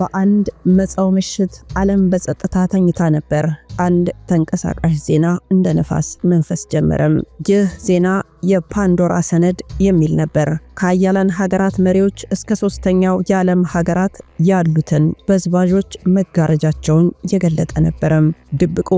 በአንድ መጻው ምሽት ዓለም በጸጥታ ተኝታ ነበር። አንድ ተንቀሳቃሽ ዜና እንደ ነፋስ መንፈስ ጀመረም። ይህ ዜና የፓንዶራ ሰነድ የሚል ነበር። ከአያላን ሀገራት መሪዎች እስከ ሶስተኛው የዓለም ሀገራት ያሉትን በዝባዦች መጋረጃቸውን የገለጠ ነበረም። ድብቁ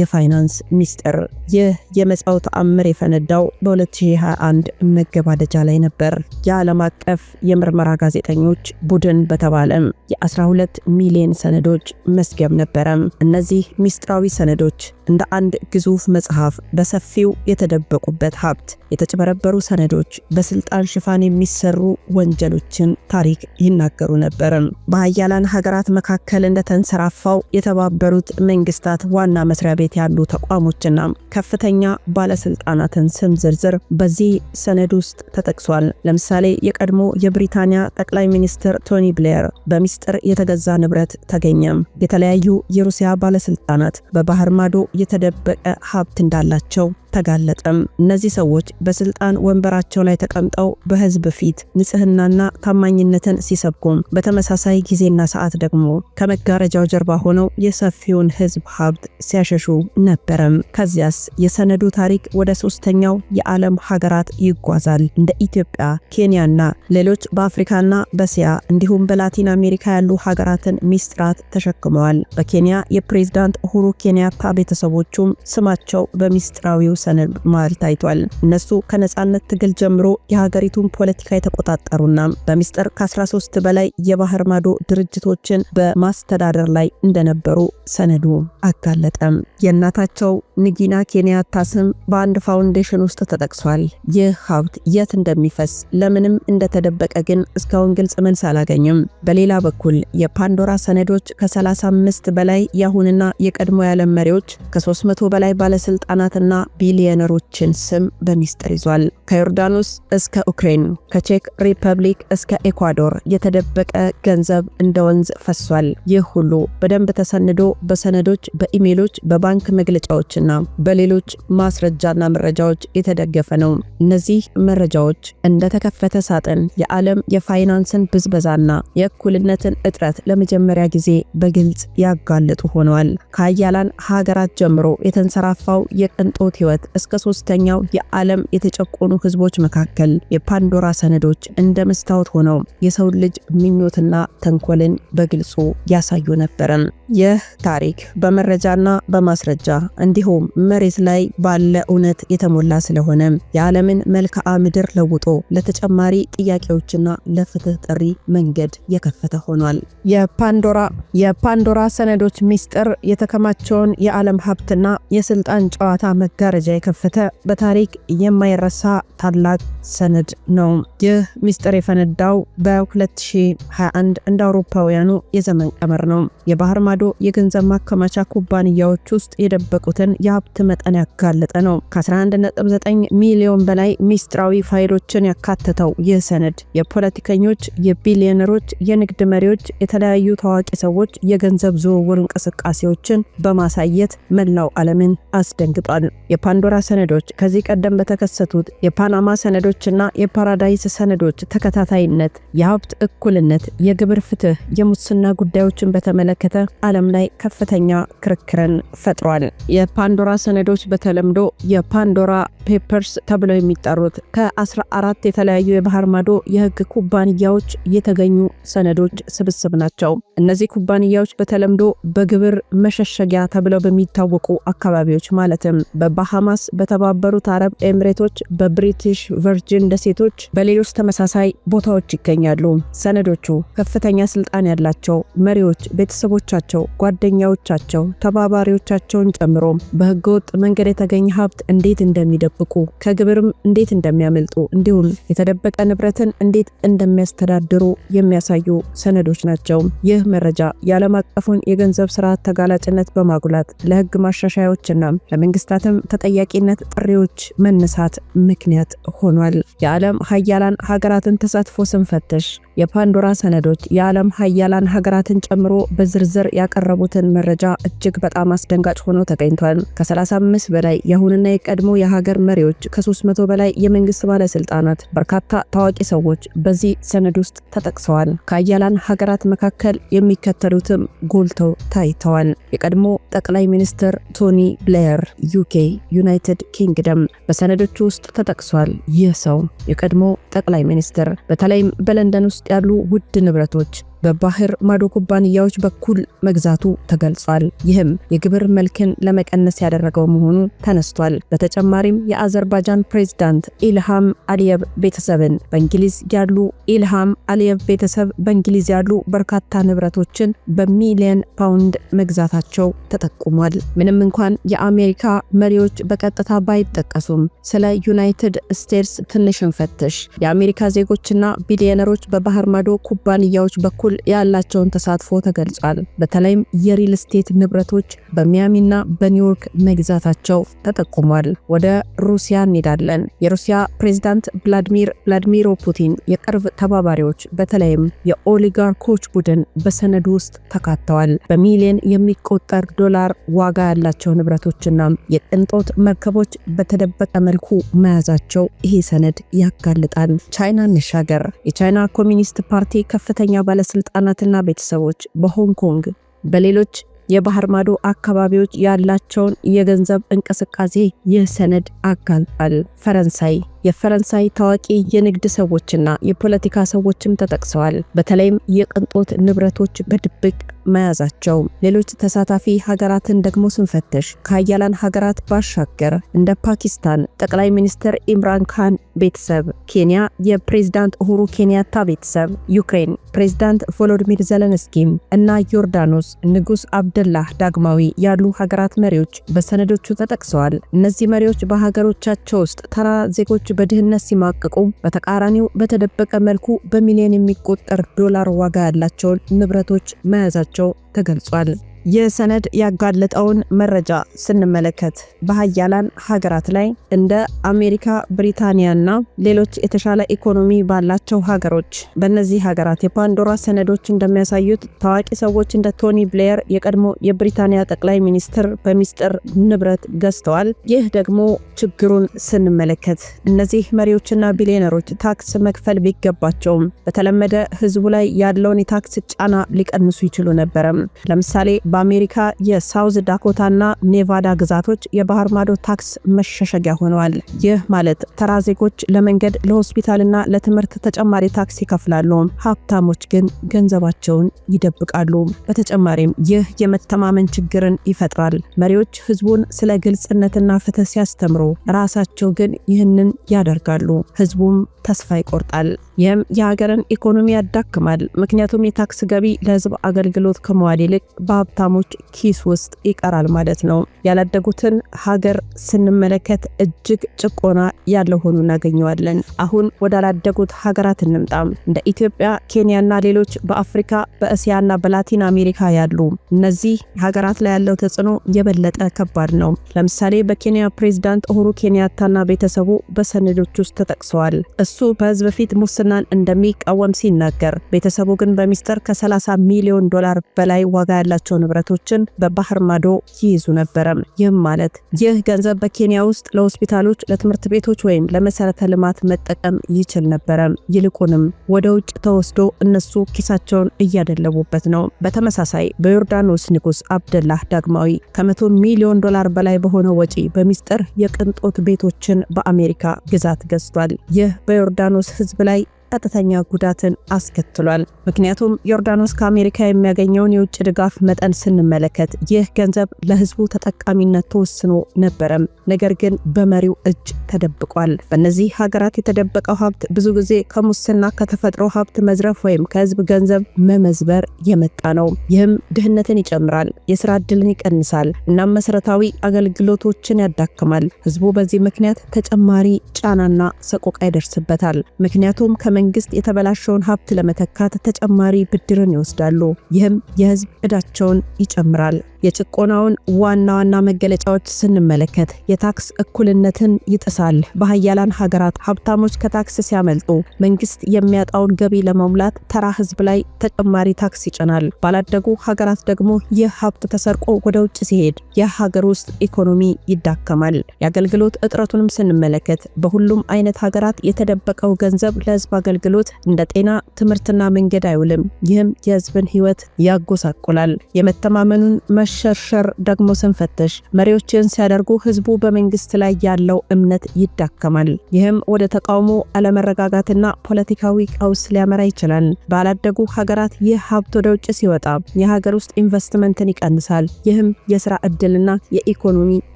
የፋይናንስ ሚስጥር። ይህ የመጻው ተአምር የፈነዳው በ2021 መገባደጃ ላይ ነበር። የዓለም አቀፍ የምርመራ ጋዜጠኞች ቡድን በተባለም የ12 ሚሊዮን ሰነዶች መስገብ ነበረም። እነዚህ ሚስጥራዊ ሰነዶች እንደ አንድ ግዙፍ መጽሐፍ በሰፊው የተደበቁበት ሀብት፣ የተጭበረበሩ ሰነዶች፣ በስልጣን ሽፋን የሚሰሩ ወንጀሎችን ታሪክ ይናገሩ ነበር። በሀያላን ሀገራት መካከል እንደተንሰራፋው የተባበሩት መንግስታት ዋና መስሪያ ቤት ያሉ ተቋሞችና ከፍተኛ ባለስልጣናትን ስም ዝርዝር በዚህ ሰነድ ውስጥ ተጠቅሷል። ለምሳሌ የቀድሞ የብሪታንያ ጠቅላይ ሚኒስትር ቶኒ ብሌር በሚስጥር የተገዛ ንብረት ተገኘም። የተለያዩ የሩሲያ ባለስልጣናት በባህር ማዶ የተደበቀ ሀብት እንዳላቸው አልተጋለጠም። እነዚህ ሰዎች በስልጣን ወንበራቸው ላይ ተቀምጠው በህዝብ ፊት ንጽህናና ታማኝነትን ሲሰብኩም፣ በተመሳሳይ ጊዜና ሰዓት ደግሞ ከመጋረጃው ጀርባ ሆነው የሰፊውን ህዝብ ሀብት ሲያሸሹ ነበረም። ከዚያስ የሰነዱ ታሪክ ወደ ሶስተኛው የዓለም ሀገራት ይጓዛል። እንደ ኢትዮጵያ፣ ኬንያና ሌሎች በአፍሪካና በእስያ እንዲሁም በላቲን አሜሪካ ያሉ ሀገራትን ሚስጥራት ተሸክመዋል። በኬንያ የፕሬዝዳንት ኡሁሩ ኬንያታ ቤተሰቦቹም ስማቸው በሚስጥራዊው ሰንመዋል ታይቷል። እነሱ ከነጻነት ትግል ጀምሮ የሀገሪቱን ፖለቲካ የተቆጣጠሩና በሚስጥር ከ13 በላይ የባህር ማዶ ድርጅቶችን በማስተዳደር ላይ እንደነበሩ ሰነዱ አጋለጠም። የእናታቸው ንጊና ኬንያታ ስም በአንድ ፋውንዴሽን ውስጥ ተጠቅሷል። ይህ ሀብት የት እንደሚፈስ ለምንም እንደተደበቀ ግን እስካሁን ግልጽ መልስ አላገኝም። በሌላ በኩል የፓንዶራ ሰነዶች ከ35 በላይ የአሁንና የቀድሞ የዓለም መሪዎች ከ300 በላይ ባለስልጣናትና ቢ ሚሊዮነሮችን ስም በሚስጥር ይዟል። ከዮርዳኖስ እስከ ዩክሬን ከቼክ ሪፐብሊክ እስከ ኤኳዶር የተደበቀ ገንዘብ እንደ ወንዝ ፈሷል። ይህ ሁሉ በደንብ ተሰንዶ በሰነዶች፣ በኢሜሎች፣ በባንክ መግለጫዎችና በሌሎች ማስረጃና መረጃዎች የተደገፈ ነው። እነዚህ መረጃዎች እንደተከፈተ ሳጥን የዓለም የፋይናንስን ብዝበዛና የእኩልነትን እጥረት ለመጀመሪያ ጊዜ በግልጽ ያጋለጡ ሆነዋል። ከአያላን ሀገራት ጀምሮ የተንሰራፋው የቅንጦት ሕይወት እስከ ሶስተኛው የዓለም የተጨቆኑ ህዝቦች መካከል የፓንዶራ ሰነዶች እንደ መስታወት ሆነው የሰውን ልጅ ምኞትና ተንኮልን በግልጹ ያሳዩ ነበር። ይህ ታሪክ በመረጃና በማስረጃ እንዲሁም መሬት ላይ ባለ እውነት የተሞላ ስለሆነ የዓለምን መልክዓ ምድር ለውጦ ለተጨማሪ ጥያቄዎችና ለፍትህ ጥሪ መንገድ የከፈተ ሆኗል። የፓንዶራ የፓንዶራ ሰነዶች ሚስጥር የተከማቸውን የዓለም ሀብትና የስልጣን ጨዋታ መጋረጃ የከፈተ በታሪክ የማይረሳ ታላቅ ሰነድ ነው። ይህ ሚስጥር የፈነዳው በ2021 እንደ አውሮፓውያኑ የዘመን ቀመር ነው። የባህር ማዶ የገንዘብ ማከማቻ ኩባንያዎች ውስጥ የደበቁትን የሀብት መጠን ያጋለጠ ነው። ከ11.9 ሚሊዮን በላይ ሚስጥራዊ ፋይሎችን ያካተተው ይህ ሰነድ የፖለቲከኞች፣ የቢሊዮነሮች፣ የንግድ መሪዎች፣ የተለያዩ ታዋቂ ሰዎች የገንዘብ ዝውውር እንቅስቃሴዎችን በማሳየት መላው ዓለምን አስደንግጧል። የፓንዶራ ሰነዶች ከዚህ ቀደም በተከሰቱት የፓናማ ሰነዶችና የፓራዳይስ ሰነዶች ተከታታይነት፣ የሀብት እኩልነት፣ የግብር ፍትህ፣ የሙስና ጉዳዮችን በተመለከተ ዓለም ላይ ከፍተኛ ክርክርን ፈጥሯል። የፓንዶራ ሰነዶች በተለምዶ የፓንዶራ ፔፐርስ ተብለው የሚጠሩት ከ14 የተለያዩ የባህር ማዶ የህግ ኩባንያዎች የተገኙ ሰነዶች ስብስብ ናቸው። እነዚህ ኩባንያዎች በተለምዶ በግብር መሸሸጊያ ተብለው በሚታወቁ አካባቢዎች ማለትም በባሃማስ፣ በተባበሩት አረብ ኤምሬቶች፣ በብ ብሪቲሽ ቨርጅን ደሴቶች በሌሎች ተመሳሳይ ቦታዎች ይገኛሉ። ሰነዶቹ ከፍተኛ ስልጣን ያላቸው መሪዎች ቤተሰቦቻቸው፣ ጓደኛዎቻቸው፣ ተባባሪዎቻቸውን ጨምሮ በህገወጥ መንገድ የተገኘ ሀብት እንዴት እንደሚደብቁ ከግብርም እንዴት እንደሚያመልጡ እንዲሁም የተደበቀ ንብረትን እንዴት እንደሚያስተዳድሩ የሚያሳዩ ሰነዶች ናቸው። ይህ መረጃ የዓለም አቀፉን የገንዘብ ስርዓት ተጋላጭነት በማጉላት ለህግ ማሻሻያዎችና ለመንግስታትም ተጠያቂነት ጥሪዎች መነሳት ምክንያት ምክንያት ሆኗል። የዓለም ሀያላን ሀገራትን ተሳትፎ ስንፈትሽ የፓንዶራ ሰነዶች የዓለም ሀያላን ሀገራትን ጨምሮ በዝርዝር ያቀረቡትን መረጃ እጅግ በጣም አስደንጋጭ ሆኖ ተገኝቷል። ከ35 በላይ የአሁንና የቀድሞ የሀገር መሪዎች፣ ከ300 በላይ የመንግስት ባለስልጣናት፣ በርካታ ታዋቂ ሰዎች በዚህ ሰነድ ውስጥ ተጠቅሰዋል። ከሀያላን ሀገራት መካከል የሚከተሉትም ጎልተው ታይተዋል። የቀድሞ ጠቅላይ ሚኒስትር ቶኒ ብሌየር ዩኬ፣ ዩናይትድ ኪንግደም በሰነዶቹ ውስጥ ተጠቅሷል። ይህ ሰው የቀድሞ ጠቅላይ ሚኒስትር በተለይም በለንደን ውስጥ ውስጥ ያሉ ውድ ንብረቶች በባህር ማዶ ኩባንያዎች በኩል መግዛቱ ተገልጿል። ይህም የግብር መልክን ለመቀነስ ያደረገው መሆኑ ተነስቷል። በተጨማሪም የአዘርባይጃን ፕሬዝዳንት ኢልሃም አሊየቭ ቤተሰብን በእንግሊዝ ያሉ ኢልሃም አሊየቭ ቤተሰብ በእንግሊዝ ያሉ በርካታ ንብረቶችን በሚሊየን ፓውንድ መግዛታቸው ተጠቁሟል። ምንም እንኳን የአሜሪካ መሪዎች በቀጥታ ባይጠቀሱም ስለ ዩናይትድ ስቴትስ ትንሽ እንፈትሽ። የአሜሪካ ዜጎችና ቢሊዮነሮች በባህር ማዶ ኩባንያዎች በኩል በኩል ያላቸውን ተሳትፎ ተገልጿል። በተለይም የሪል ስቴት ንብረቶች በሚያሚና በኒውዮርክ መግዛታቸው ተጠቁሟል። ወደ ሩሲያ እንሄዳለን። የሩሲያ ፕሬዚዳንት ቭላዲሚር ቭላዲሚሮ ፑቲን የቅርብ ተባባሪዎች በተለይም የኦሊጋርኮች ቡድን በሰነዱ ውስጥ ተካተዋል። በሚሊዮን የሚቆጠር ዶላር ዋጋ ያላቸው ንብረቶችና የቅንጦት መርከቦች በተደበቀ መልኩ መያዛቸው ይሄ ሰነድ ያጋልጣል። ቻይና እንሻገር። የቻይና ኮሚኒስት ፓርቲ ከፍተኛ ባለስልጣ ባለስልጣናትና ቤተሰቦች በሆንግ ኮንግ በሌሎች የባህር ማዶ አካባቢዎች ያላቸውን የገንዘብ እንቅስቃሴ ይህ ሰነድ አጋልጣል። ፈረንሳይ የፈረንሳይ ታዋቂ የንግድ ሰዎችና የፖለቲካ ሰዎችም ተጠቅሰዋል። በተለይም የቅንጦት ንብረቶች በድብቅ መያዛቸው ሌሎች ተሳታፊ ሀገራትን ደግሞ ስንፈትሽ ከአያላን ሀገራት ባሻገር እንደ ፓኪስታን ጠቅላይ ሚኒስትር ኢምራን ካን ቤተሰብ፣ ኬንያ የፕሬዝዳንት ኡሁሩ ኬንያታ ቤተሰብ፣ ዩክሬን ፕሬዝዳንት ቮሎዲሚር ዘለንስኪም እና ዮርዳኖስ ንጉስ አብደላህ ዳግማዊ ያሉ ሀገራት መሪዎች በሰነዶቹ ተጠቅሰዋል። እነዚህ መሪዎች በሀገሮቻቸው ውስጥ ተራ ዜጎች በድህነት ሲማቅቁ፣ በተቃራኒው በተደበቀ መልኩ በሚሊዮን የሚቆጠር ዶላር ዋጋ ያላቸውን ንብረቶች መያዛቸው ተገልጿል። ይህ ሰነድ ያጋለጠውን መረጃ ስንመለከት በሀያላን ሀገራት ላይ እንደ አሜሪካ፣ ብሪታንያ እና ሌሎች የተሻለ ኢኮኖሚ ባላቸው ሀገሮች በእነዚህ ሀገራት የፓንዶራ ሰነዶች እንደሚያሳዩት ታዋቂ ሰዎች እንደ ቶኒ ብሌየር የቀድሞ የብሪታንያ ጠቅላይ ሚኒስትር በሚስጥር ንብረት ገዝተዋል። ይህ ደግሞ ችግሩን ስንመለከት እነዚህ መሪዎችና ቢሊዮነሮች ታክስ መክፈል ቢገባቸውም በተለመደ ህዝቡ ላይ ያለውን የታክስ ጫና ሊቀንሱ ይችሉ ነበረም። ለምሳሌ በአሜሪካ የሳውዝ ዳኮታና ኔቫዳ ግዛቶች የባህር ማዶ ታክስ መሸሸጊያ ሆነዋል። ይህ ማለት ተራ ዜጎች ለመንገድ ለሆስፒታልና ለትምህርት ተጨማሪ ታክስ ይከፍላሉ። ሀብታሞች ግን ገንዘባቸውን ይደብቃሉ። በተጨማሪም ይህ የመተማመን ችግርን ይፈጥራል። መሪዎች ህዝቡን ስለ ግልጽነትና ፍትህ ሲያስተምሩ፣ ራሳቸው ግን ይህንን ያደርጋሉ። ህዝቡም ተስፋ ይቆርጣል። ይህም የሀገርን ኢኮኖሚ ያዳክማል። ምክንያቱም የታክስ ገቢ ለህዝብ አገልግሎት ከመዋል ይልቅ በሀብታ ሀብታሞች ኪስ ውስጥ ይቀራል ማለት ነው። ያላደጉትን ሀገር ስንመለከት እጅግ ጭቆና ያለ ሆኑ እናገኘዋለን። አሁን ወዳላደጉት ሀገራት እንምጣም። እንደ ኢትዮጵያ፣ ኬንያና ሌሎች በአፍሪካ በእስያና በላቲን አሜሪካ ያሉ እነዚህ ሀገራት ላይ ያለው ተጽዕኖ የበለጠ ከባድ ነው። ለምሳሌ በኬንያ ፕሬዝዳንት ኡሁሩ ኬንያታና ቤተሰቡ በሰነዶች ውስጥ ተጠቅሰዋል። እሱ በህዝብ ፊት ሙስናን እንደሚቃወም ሲናገር፣ ቤተሰቡ ግን በሚስጥር ከ30 ሚሊዮን ዶላር በላይ ዋጋ ያላቸው ንብረቶችን በባህር ማዶ ይይዙ ነበረ። ይህም ማለት ይህ ገንዘብ በኬንያ ውስጥ ለሆስፒታሎች፣ ለትምህርት ቤቶች ወይም ለመሰረተ ልማት መጠቀም ይችል ነበረ። ይልቁንም ወደ ውጭ ተወስዶ እነሱ ኪሳቸውን እያደለቡበት ነው። በተመሳሳይ በዮርዳኖስ ንጉስ አብደላህ ዳግማዊ ከመቶ ሚሊዮን ዶላር በላይ በሆነ ወጪ በሚስጥር የቅንጦት ቤቶችን በአሜሪካ ግዛት ገዝቷል። ይህ በዮርዳኖስ ህዝብ ላይ ቀጥተኛ ጉዳትን አስከትሏል። ምክንያቱም ዮርዳኖስ ከአሜሪካ የሚያገኘውን የውጭ ድጋፍ መጠን ስንመለከት ይህ ገንዘብ ለህዝቡ ተጠቃሚነት ተወስኖ ነበረም፣ ነገር ግን በመሪው እጅ ተደብቋል። በእነዚህ ሀገራት የተደበቀው ሀብት ብዙ ጊዜ ከሙስና ከተፈጥሮ ሀብት መዝረፍ ወይም ከህዝብ ገንዘብ መመዝበር የመጣ ነው። ይህም ድህነትን ይጨምራል፣ የስራ እድልን ይቀንሳል፣ እናም መሰረታዊ አገልግሎቶችን ያዳክማል። ህዝቡ በዚህ ምክንያት ተጨማሪ ጫናና ሰቆቃ ይደርስበታል። ምክንያቱም ከመ መንግስት የተበላሸውን ሀብት ለመተካት ተጨማሪ ብድርን ይወስዳሉ። ይህም የህዝብ ዕዳቸውን ይጨምራል። የጭቆናውን ዋና ዋና መገለጫዎች ስንመለከት የታክስ እኩልነትን ይጥሳል። በሀያላን ሀገራት ሀብታሞች ከታክስ ሲያመልጡ መንግስት የሚያጣውን ገቢ ለመሙላት ተራ ህዝብ ላይ ተጨማሪ ታክስ ይጭናል። ባላደጉ ሀገራት ደግሞ ይህ ሀብት ተሰርቆ ወደ ውጭ ሲሄድ የሀገር ውስጥ ኢኮኖሚ ይዳከማል። የአገልግሎት እጥረቱንም ስንመለከት በሁሉም አይነት ሀገራት የተደበቀው ገንዘብ ለህዝብ አገልግሎት እንደ ጤና፣ ትምህርትና መንገድ አይውልም። ይህም የህዝብን ህይወት ያጎሳቁላል። የመተማመኑን መ ማሸርሸር ደግሞ ስንፈትሽ መሪዎችን ሲያደርጉ ህዝቡ በመንግስት ላይ ያለው እምነት ይዳከማል። ይህም ወደ ተቃውሞ፣ አለመረጋጋትና ፖለቲካዊ ቀውስ ሊያመራ ይችላል። ባላደጉ ሀገራት ይህ ሀብት ወደ ውጭ ሲወጣ የሀገር ውስጥ ኢንቨስትመንትን ይቀንሳል። ይህም የስራ እድልና የኢኮኖሚ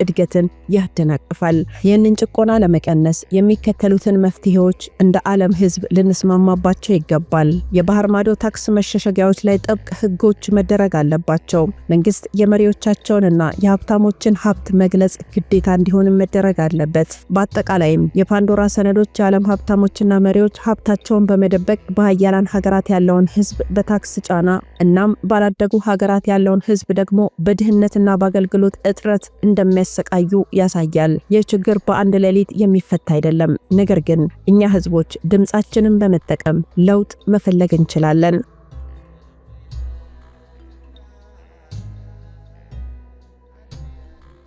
እድገትን ያደናቅፋል። ይህንን ጭቆና ለመቀነስ የሚከተሉትን መፍትሄዎች እንደ ዓለም ህዝብ ልንስማማባቸው ይገባል። የባህር ማዶ ታክስ መሸሸጊያዎች ላይ ጥብቅ ህጎች መደረግ አለባቸው። መንግስት የመሪዎቻቸውንና የሀብታሞችን ሀብት መግለጽ ግዴታ እንዲሆንም መደረግ አለበት። በአጠቃላይም የፓንዶራ ሰነዶች የዓለም ሀብታሞችና መሪዎች ሀብታቸውን በመደበቅ በሀያላን ሀገራት ያለውን ህዝብ በታክስ ጫና እናም ባላደጉ ሀገራት ያለውን ህዝብ ደግሞ በድህነትና በአገልግሎት እጥረት እንደሚያሰቃዩ ያሳያል። ይህ ችግር በአንድ ሌሊት የሚፈታ አይደለም። ነገር ግን እኛ ህዝቦች ድምፃችንን በመጠቀም ለውጥ መፈለግ እንችላለን።